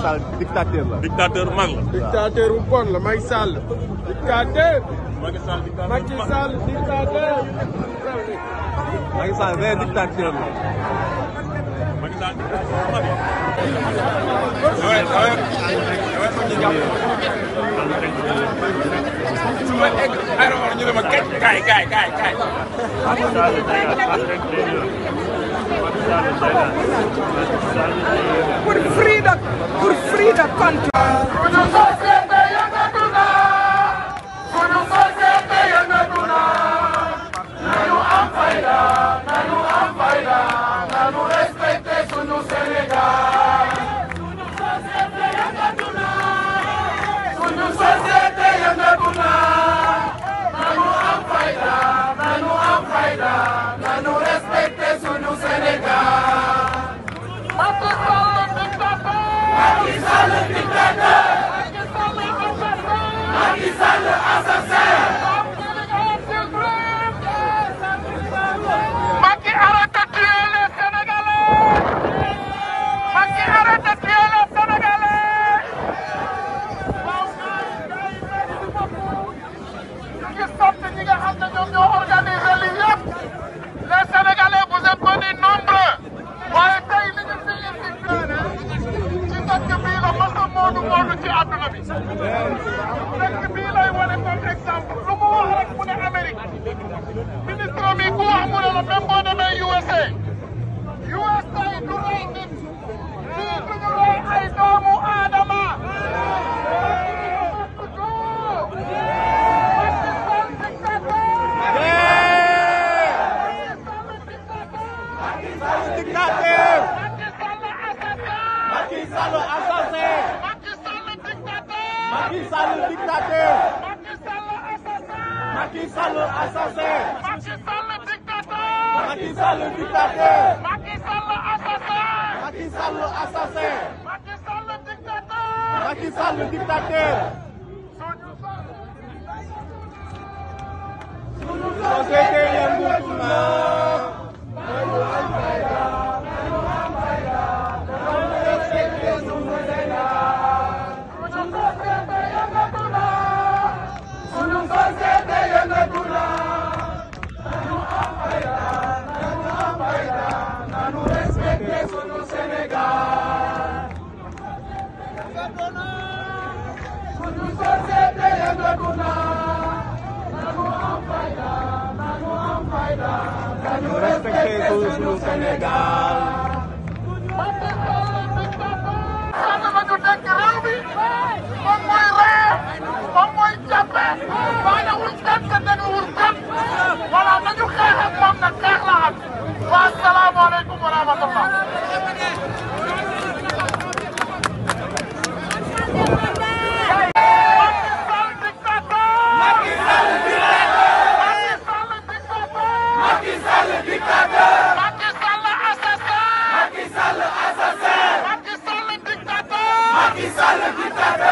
Sall dictateur la. dictateur mag la. dictateur bu bon la Macky Sall. dictateur. Macky Sall dictateur Macky Sall dictateur. Macky Sall vrai dictateur la. Macky Sall dictateur mag la. pour freedom, pour freedom country. moodu moodu ci àdduna bi dëkk bii lay wane comme exemple lu mu wax rek mu ne Amérique ministre mi ku wax mu ne la même boo demee USA USA du rey nit dictateur. Macky Sall assassin. Macky Sall assassin. Macky Sall dictateur. Macky Sall dictateur. Macky Sall assassin. Macky Sall assassin. Macky Sall dictateur. Macky Sall dictateur. fekku sunu Sénégal sanamatu dëkk réew mi moom mooy ree moom mooy jàppe baanawul tat te teguwul tat voilà nañu xeex ak moom nag xeex la am wa asalaamaaleykum wa rahmatullah Macky Sall dictateur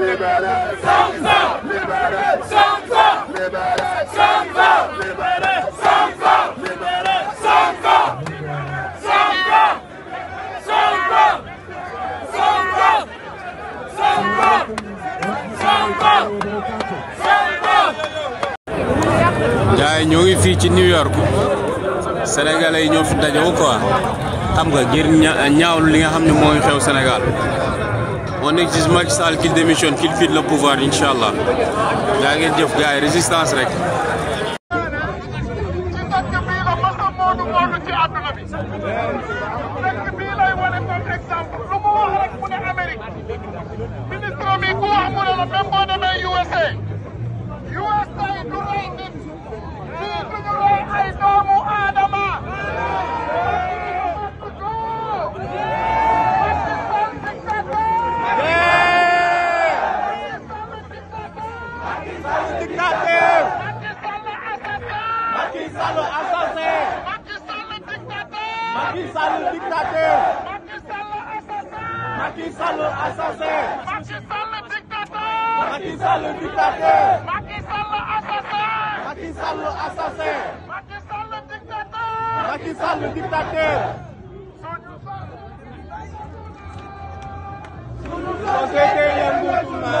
Libérez waaye ñoo ngi fii ci New York yi ñoo fi dajewu quoi nga ngir ñaawlu li nga xam ne mooy xew Sénégal on exige Macky Sall qu'il démissionne qu'il le pouvoir incha allah yaa ngeen jëf gars yi résistance rek. dictateur Macky Sall assassin Macky Sall dictateur Macky Sall assassin Macky Sall dictateur Macky Sall assassin Macky Sall dictateur Société Yengoutuna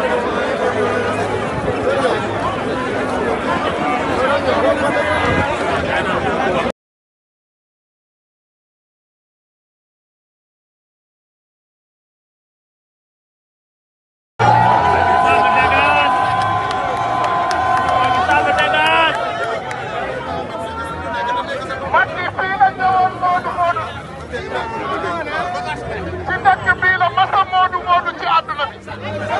dëkk bii la masa moodu moodu ci àdduna bi